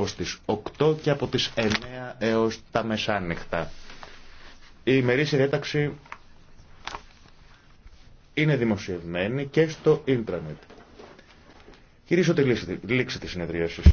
ως τις 8 και από τις 9 έως τα μεσάνυχτα. Η ημερήσια διάταξη είναι δημοσιευμένη και στο ίντρανετ. Κυρίσω τη λήξη της συνεδρίασης.